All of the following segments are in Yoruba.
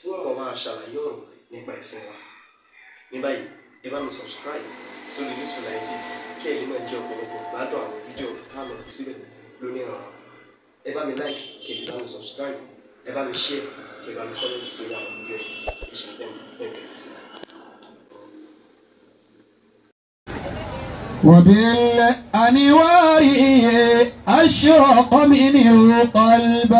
tí wọ́n mọ̀ máa ṣàlàyé ọ̀rọ̀ nípa ẹ̀sìn wa ní báyìí ẹ bá mi subscribe sórí Yusufullahi TV kí ẹ̀yin náà jẹ́ ọ̀pọ̀lọpọ̀ gbádùn àwọn fídíò tá a lọ fi síbẹ̀ lónìí ọ̀rọ̀ ẹ bá mi like kí ẹ sì bá mi subscribe ẹ bá mi share kí ẹ bá mi comment sórí àwọn fídíò yìí ẹ ṣe أشرق من القلب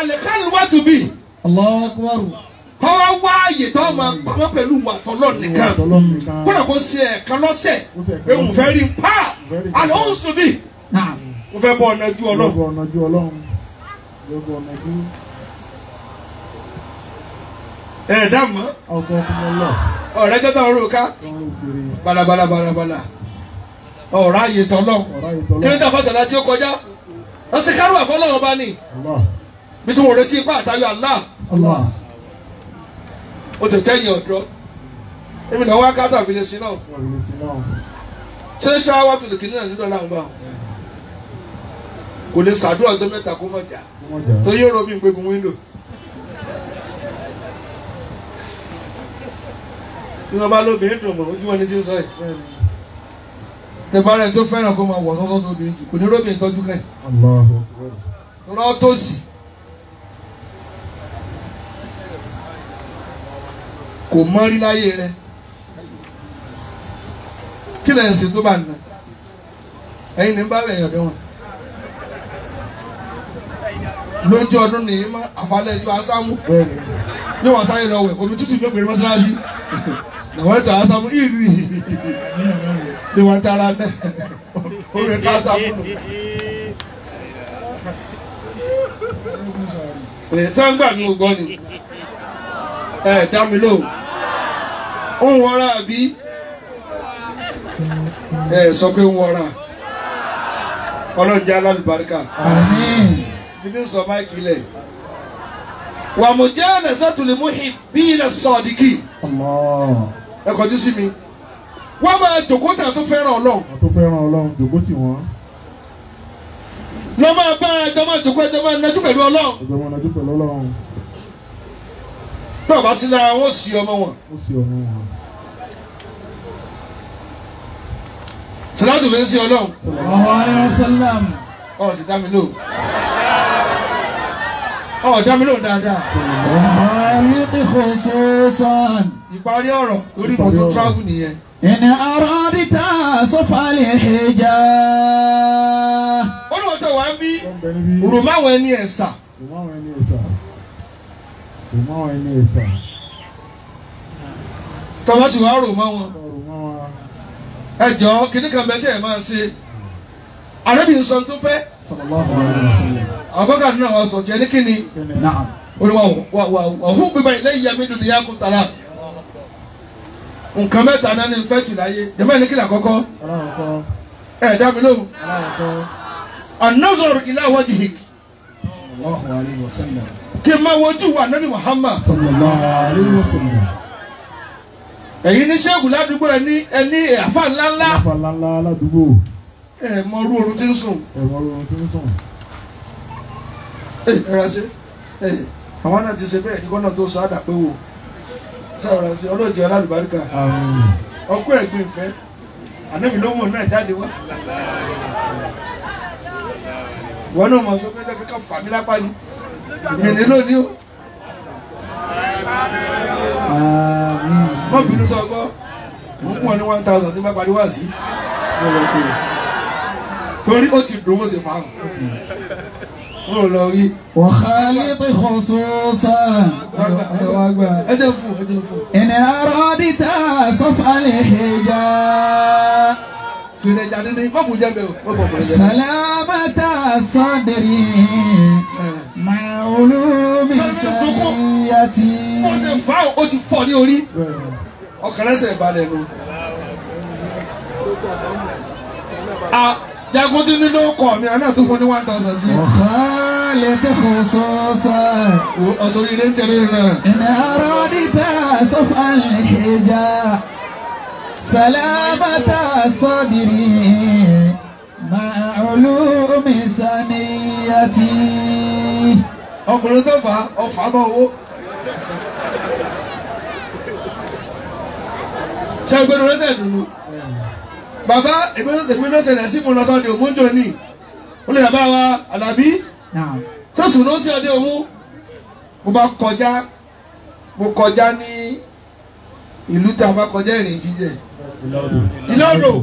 الخلوة به Allahu Akbar kọ́ wá ààyè tó máa pamọ́ pẹ̀lú ìwà tọ́lọ́ nìkan kódà kó ṣe ẹ̀kan lọ́sẹ̀ pé òun fẹ́ rí pa àlọ́ òun sùn bí mo fẹ́ bọ́ ọ̀nà ju ọlọ́run. ẹ dá mọ́ ọ̀rẹ́ gẹ́gẹ́ ọ̀rọ̀ ká balabala balabala ọ̀rọ̀ ààyè tọ́lọ́ kí ló dé àfọ̀sọ̀lá tí ó kọjá wọ́n sì kárò àfọlọ́wọ́n bá ní bí tí mo retí ipá àtayọ Allah Allah o tètè yìn ọ̀dọ́ èmi náà wá kátó àbílẹ̀ sí náà ṣé ṣé wá tó lè kí nínú nílò náà ń bá kò lè ṣàdúrà ọjọ́ mẹ́ta kó mọ̀ jà tó yóò rọ mí gbégun wíńdò. nínú ọba lóbìnrin dùn mọ́ ojú wọn ni tí ń sọ yìí tẹ̀bárẹ̀ tó fẹ́ràn kó máa wọ̀ sọ́sọ́ tóbi kò ní róbìn tọ́jú kẹ́ tọ́lá tó sì. kò mọ́rí láyé rẹ kí lẹ́yìn sí tó bá nà ẹ̀yin ní bá bẹ̀yàn dẹ́wọ̀n lójú ọdún nìyí má àfàlẹ́ ju asámú ní wọ́n sáré lọ wẹ̀ omi tútù ní ògbèrè mọ́sálásí làwọn ètò asámú ìrì ṣé wọ́n tara náà omi ká asámú nù. sangba ni o gbọ́ ni ẹ dá mi lóhùn ń wọra àbí ẹ sọ pé ń wọra ọlọ́njẹ́ alálùbáríkà bí ti ń sọ máìkì lẹ̀ wà mú jẹ́ ẹ̀nẹ́sẹ̀tùlẹ̀ múhìn bí ilẹ̀ sọ̀dìkì ẹ kọjú sí mi wọ́n máa jòkó tà tó fẹ́ràn ọlọ́run. tó fẹ́ràn ọlọ́run jòkó tì wọ́n. lọ́ bá ẹjọ́ máa jòkó ẹjọ́ máa pẹ̀lú ọlọ́run. ẹjọ́ máa pẹ̀lú ọlọ́run tó o bá sí lára wọn ó sì ọmọ wọn. sàlátù fi ń sí ọlọ́run. ọ̀hún aláwọ̀ sálám. ọ̀ ti dá mi lóhùn. ọ̀ dá mi lóhùn dáadáa. ọ̀hún ìkò sọ́sàn. ìparí ọ̀rọ̀ torí mo tó travel nìyẹn. ìní ọ̀rọ̀ dídá sọ́fàlì ìjà. ó lóun tó wá ń bí rùmáwọ̀ ẹni ẹ̀sà. rùmáwọ̀ ẹni ẹ̀sà rò mọ́ wọn ẹni ẹ̀sà. tọ́lá sì wá rò mọ́ wọn. ẹ jọ kíní kan bẹ́ẹ̀ tí ẹ máa ṣe arábìnrin sọ tó fẹ́. àbọ̀kà náà wà sọ jẹ́ ní kíni. olùwà wà wà wà hù bíbá ilé ìyá mi dùn ní yà kó tara nǹkan mẹ́ta náà ni n fẹ́ jù láyé jẹ́mọ́ ẹni kíni àkọ́kọ́ ẹ̀ dá mi lóhùn. an-nazar ila wajhik. Allahu alayhi wa sallam kí n máa wojú wa nani Muhammad. sallallahu alaihi wasallam. ẹ̀yin ní sẹ́gun ládùúgbò ẹni ẹni àfa ńláńlá. àfa ńláńlá ládùúgbò. ẹ mọ orú oorun tí ń sùn. ẹ mọ orú oorun tí ń sùn. ẹ ẹ ránṣẹ́ ẹ àwọn náà ti ṣe bẹ́ẹ̀ ní kọ́nà tó sọ àdàpé wò sáwọn ránṣẹ́ ọlọ́jẹ́ alálùbáríkà ọkọ ẹ̀gbìn ìfẹ́ ànábì ló mọ̀ náà jáde wá wọn náà mọ̀ sọ pé lẹ́kẹ́kẹ́ fàmílápá ni ẹni lónìí o. mọ bínú sọ gbọ́ mo mú ọ ní one thousand tí bá parí wá sí mo lọ kéré torí ó ti dùn ó sì máa ń mo lọ rí. wàhálì bí kòsóòsàn. ẹ jẹ́ fún ẹ fún. ẹnì arọ́ dìtà sọ́fàlẹ̀ ẹ̀já. Sùnẹ̀jà dídí, mọ̀ mú jẹ́ bẹ́ẹ̀ o. Sàlámàtà sọ́ndẹ̀rì màálù mi sẹ́yìn àti. ó ṣe fà ó ti fọ́ ní orí ọkàn rẹ̀ ṣe balẹ̀ nu. jagun tí nínú kọ̀ mi àná tó fún ní one thousand sí. ọ̀hán lè tẹ̀kọ̀ sọ́ọ́sà. ọ̀sọ̀ yìí lè ń tẹ̀lé náà. ẹ̀nà ọ̀rọ̀ dìtà sọ́fà lè kéjà sàlámàtà sọ́dìrì màálù mi sẹ́yìn àti ọkùnrin tó fà á ọfà mọ́ owó. ṣàgbénu rẹsẹ̀ dùnú. bàbá èmi ló ṣẹlẹ̀ sí mu lọ́tọ́ ni òmùjọ ni ó lè bá wa àlàbí tó sùn ló sí ọdẹ òmu. mo bá kọjá mo kọjá ní ìlú tá a bá kọjá ìrìn jíjẹ ìlọ́rọ̀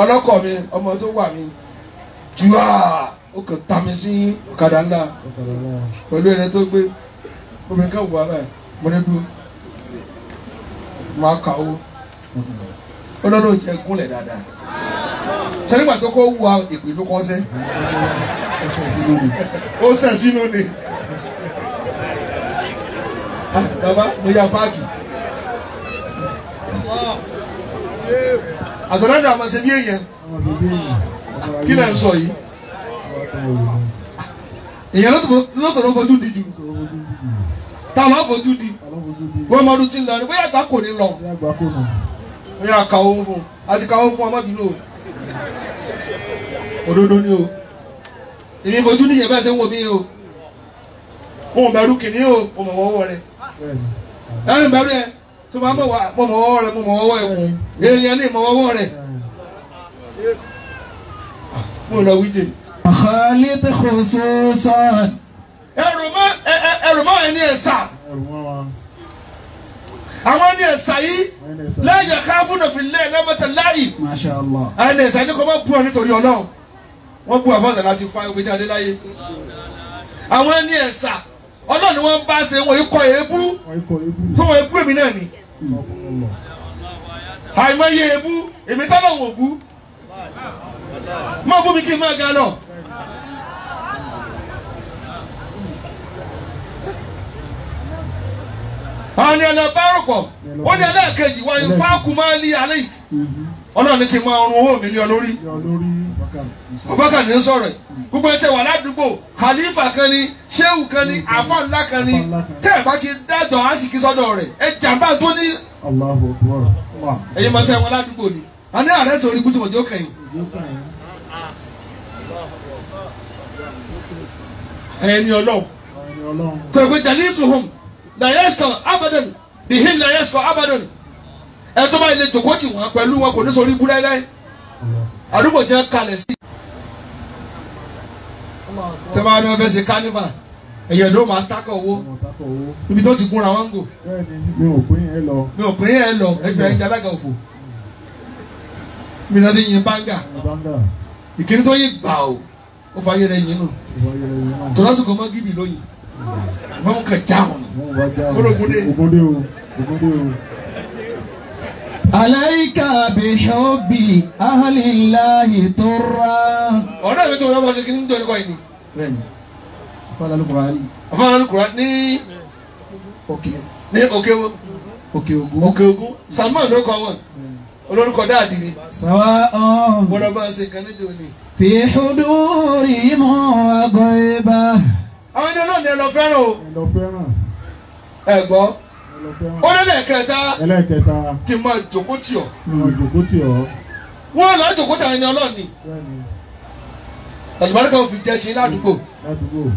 ọlọ́kọ̀ mi ọmọ tó wà mí jùlọ ó kàn ta mi sí ọ̀kadà ńlá pẹ̀lú ẹni tó gbé obìnrin kan wà báyìí mo ní dúró máa kà ó ó lọ́dọ̀ jẹ́ gúnlẹ̀ dáadáa ṣé nígbà tó kọ́ wá ìpè ló kọ́ sẹ́ ó sẹ̀ sínú ni ah, bàbá mo ya páàkì àsọ̀rọ̀ àdàmọ̀ ṣe bí èèyàn kí lẹ́ ń sọ yìí èyàn ló sọ̀rọ̀ fojú di jù ta ló fojú di wọ́n mọ ọdún tí ń lọ ni bóyá àgbà kò ní lọ bóyá àkàwọ́ fún àti kàwọ́ fún ọmọbìnrin o òdodo ni o èmi fojú níyẹn bá ṣe ń wò mí o wọn ò bẹ̀rù kìnní o mo mọ̀ wọ́wọ́ rẹ ẹni bẹ̀rù ẹ tó bá mọ̀ wọ́wọ́ rẹ mo mọ̀ wọ́wọ́ ẹ èèyàn ní ìmọ̀ wọ́wọ́ rẹ ah, mo lọ wíjẹ. خالد خصوصا، ẹrù mọ́ ẹrù mọ́ ẹni ẹ̀sà. àwọn ẹni ẹ̀sà yìí lẹ́yìn ká fún òfin lẹ́yìn lẹ́mọ̀tà láàyè. Masha Allah. ẹni ẹ̀sà yìí ni kò máa bú ọ nítorí Ọlọ́run wọ́n bú àbọ̀dà láti fa omi jáde láyé. àwọn ẹni ẹ̀sà Ọlọ́run ni wọ́n bá ṣe wọ́n ikọ̀ èébú fún wọn èébú èmi náà ni. àìmọye èébú èmi tọ́lọ̀ wò bú. máa bú mi kí n máa ga lọ. àwọn ni ẹlẹ́bá rọ̀pọ̀ ó ní ẹlẹ́ẹ̀kejì wá ní fákùmá ní alẹ́ yìí ọlọ́run ní kí n máa rún owó mi ní olórí Abubakar ní sọ̀rọ̀ gbogbo tẹ wà ládùúgbò khalifa kan ni sehu kan ni afa mm-hmm. kan ni ti asiki sọdọ rẹ ẹ jàmbá ni a ẹni ọlọ. la yẹ́sùkọ̀ abadan bihim la abadan ẹ tó bá ilé wọn kò ní sori ibú láíláí àdúgbò jẹ́ kalẹ̀ sí. tí wọ́n bá ní wọ́n fẹ́ ṣe kánífà ẹ̀yẹ̀ ló máa ibi mi ò mi ò òfò mi yin ìkíni tó yin gbà o ó yin nù tó lásìkò wọn kà já wọn. ogunde o ogunde o. tó rà. Ọ̀rẹ́ mi tó wọlé wọ́n ṣe kí ní dọ̀lú kọ́ ìní. Bẹ́ẹ̀ni, afọ́lálù Kùránì. Afọ́lálù Kùránì ní. Òkè. Ní òkè wo. Òkè Ògún. Òkè Ògún. Salman ló kọ wọn. Olórúkọ dáàdì ni. Sàwa ọ̀hún. Bọ́dọ̀ bá ṣe kan níjọ́ ni. Fi hudúrì mọ́ àgọ́ àwọn ẹni náà ni ẹ lọ fẹ́ràn o. ẹ lọ fẹ́ràn. ẹ gbọ́. ẹ lọ fẹ́ràn. ó lẹ́lẹ̀ kẹta. ẹlẹ́kẹta. kì í máa jòkó tì ọ́. kì í máa jòkó tì ọ́. wọ́n lọ jòkó tà ẹni ọlọ́ọ̀ni. àlùbáríkà ò fi jẹ́ ti ládùúgbò. ládùúgbò.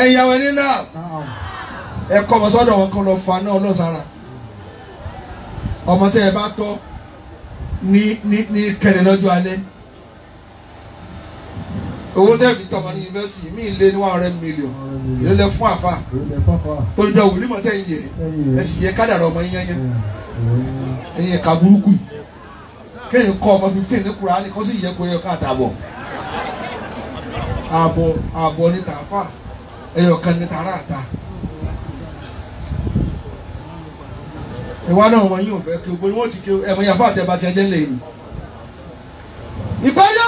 ẹ̀yin àwọn ẹni náà. ẹ kọ́ ọmọ sọ́dọ̀ wọn kan lọ fa náà lọ́sàrà. ọmọ tẹ́ ẹ bá tọ́ ní ní ní kẹrin alẹ́ owó tẹ́ fi tọmọ ní yunifásitì mí lé ní one hundred million èló lẹ fún àfa torí jọ wòlíì mọ̀ tẹ́ ń yẹ ẹ sì yẹ kádàrọ̀ ọmọ yín yẹn ẹ̀yìn ẹ̀ka burúkú kéèyàn kọ́ ọmọ fifteen ní Kùránì kó sì yẹ kó yẹ ká àtàbọ̀ àbọ̀ àbọ̀ ní tàfà ẹ̀yọ̀ kan ní tàrà àta ìwà náà ọmọ yín ò fẹ́ kí o bó ni wọ́n ti kí o ẹ̀mọ yàfa àtẹ̀bàtẹ̀ jẹ́ lẹ́yìn ìparí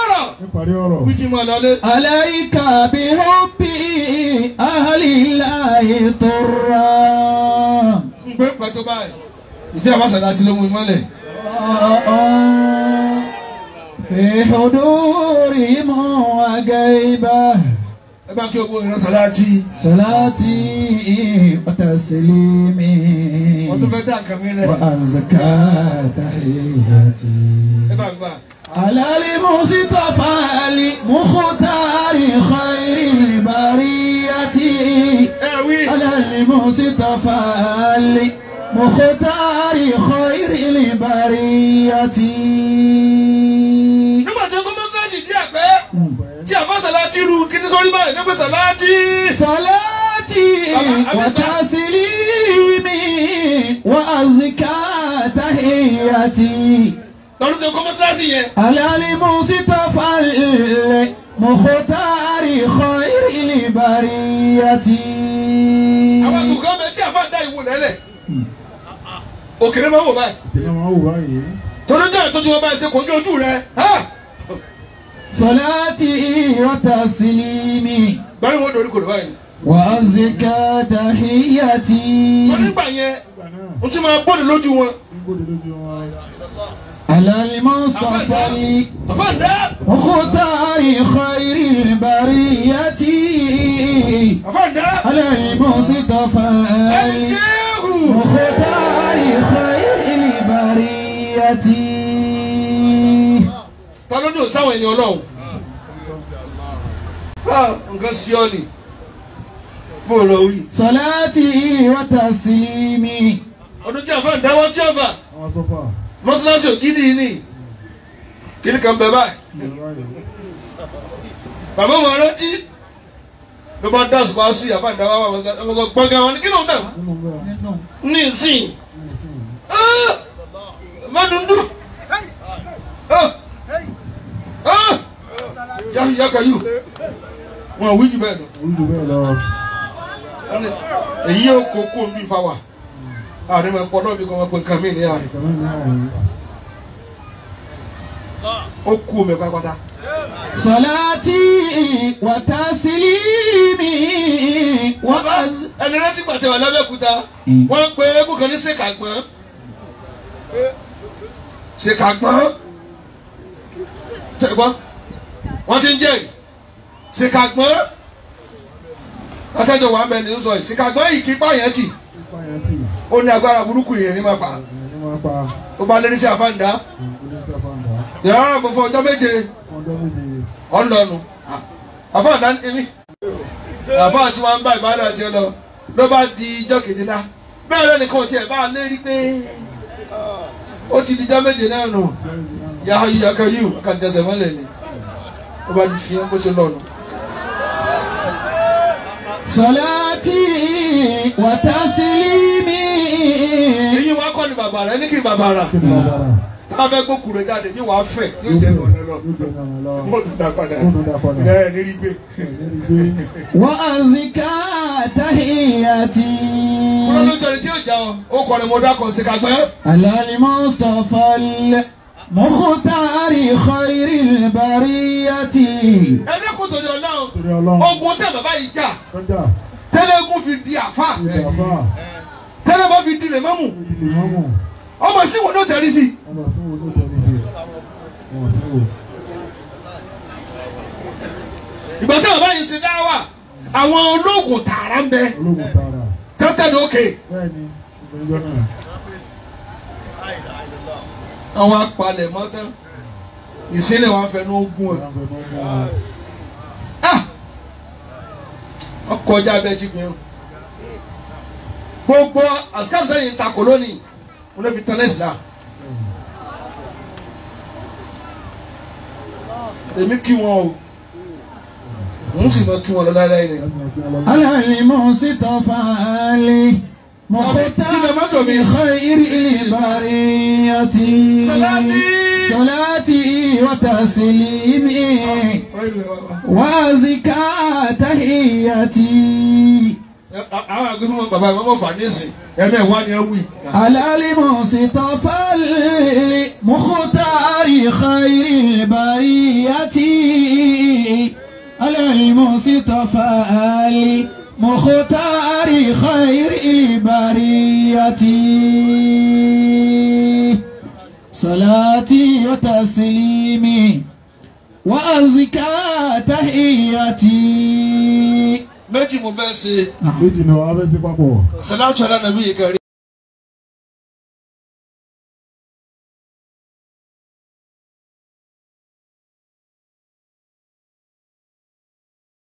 wíkí máa lálé. aláìka bí hóbì ahàlìlá rà. n pàtó báyìí ìfẹ́ àbáṣàdá ti ló mú fi hudúrì mú agẹ́ ibà. ẹ bá kí o gbó ìran sàláàtì. sàláàtì ọ̀tàsílímì. wọ́n tún fẹ́ dá nǹkan mi rẹ̀. wà á zaka tahiyati. ẹ bá gbà alali musitafa ali mukutari khairi libariyati alali musitafa ali mukutari khairi libariyati. nígbà tó gbọ́dọ̀ káṣí díẹ̀ pé tí a bá sàlátì rú kí ní sọ́rí báyìí nígbà sàlátì. sàlátì wàtásílì mi wàzíkà táhìyàtì lọ́dún tó kọ́ mọ́sálásí yẹn. alali musita falẹ̀ mọ̀kọ́tàrí khairil bariyati. àwọn àtùkọ́ bẹ tí a fà dá ìwò lẹ́lẹ̀ òkèrè máa wò báyìí. torí náà tó ti wọ́n bá ṣe kojú ojú rẹ. sọláàtì ìyọ̀tà sílímì. báyìí wọ́n dorí kòdò báyìí. wà á zika wọ́n nígbà yẹn n ti máa bọ́ọ̀lù lójú wọn. على المصطفى مختار خير البرية على المصطفى مختار خير البرية ta ló dùn sáwọn ènìyàn Ọlọ́run nǹkan sí ọ ni bó mi. ọdún tí a fà ń dáwọ́ sí àbà. àwọn sọ́fà mọ́sálásí ògidì ni kíni kan bẹ báyìí bàbá wọn rántí ló bá dá ṣùgbọ́n aṣọ ìyàbá ìdáwà wà ọmọ gbọ̀ngàn wọn ni kí ló ń dàgbà ní ìsìn ah! mọ́dúndún ah! ah! yàkà yìí wọn ò wí jù bẹ́ẹ̀ lọ èyí ò kókó mi fa wà àní máa pọ̀ náà bí kò máa pe nǹkan mí ní àyè. ó kú mi pátápátá. sọláàtì wàtá sílíìmì wọ́n bá. ẹni rántí pàtẹ lábẹ́kúta wọ́n ń pe eégún kan ní ṣèkàgbọ́n ṣèkàgbọ́n tẹ̀gbọ́n wọ́n ti ń jẹ́rìí ṣèkàgbọ́n atẹ́jọ́ wàá mẹ́rin ló sọ yìí ṣèkàgbọ́n ìkípa yẹn tì. ó ní agbára burúkú yẹn ní máa pa ó bá lé ní sí àfáǹdá yàrá mo fọ ọjọ́ méje ọlọ́nu àfáǹdá ní àfáà tí wọ́n bá ìbádà tiẹ̀ ọlọ. ló bá di ijọ́ kejìlá bẹ́ẹ̀ lẹ́nìkan tiẹ̀ bá lé rí pé ó ti di ijọ́ méje náà nù yàhayù yàkàyù kàdẹsẹ̀ mọ́lẹ̀ ni ó bá di èyí wá kọ́ ni bàbá rẹ ní kí bàbá rà tá a fẹ́ gbókù rẹ jáde yóò wá yóò jẹ́ lọ́nà lọ mo tún dá padà ẹ nírí gbé. wọ́n á sì ká àtàhìyàtì. kúrò lójó ni tí yóò já ọ ó kọ́ ni mo dákọ̀ sí kagbẹ́. alali mustapha lẹ mọ̀kútàárì kọ́rìrì bàríyàtì. ẹ dẹ́kun tòjọ́ náà ogun tẹ bàbá yìí jà tẹ́lẹ̀kùn fi di àfa tẹ́lẹ̀ bá fi di lè mọ́mù ọmọ sí wo ló tẹ̀lé sí. ìgbà tí bàbá yìí ṣe dáwà àwọn ológun tààrà ń bẹ tested okay. àwọn apalẹ̀ mọ́tán ìsílẹ̀ wọn fẹnu ogun ẹ̀ ọkọ̀ ọjà abẹ́jí mi o gbogbo asikaru sẹ́yìn takò lónìí wọn lè fi tán lẹ́sìn èmi kí wọn o n sì máa kí wọn lọ láyé ni. aláàlì mò ń fàálì mo fẹ́ tá ìkọ́ ìrì àti sọláàtì wàtàsílì mi wàzíkà tàhíyàtì àwọn àgbẹ̀ fún bàbá ìmọ̀ fà nísìn ẹ̀mẹ̀ wá ni ẹ wí. alálìmọ̀ sì tán fálẹ̀ mọ́kútàrí khairil bariyati alálìmọ̀ sì tán fálẹ̀ mọ́kútàrí khairil bariyati. salati wa taslimi wa azka tahiyati méjì mo bẹ́ẹ̀ ṣe. méjì ni wàá bẹ́ẹ̀ ṣe papọ̀. sọlá tí ọ̀la nàbí yìí kẹrin.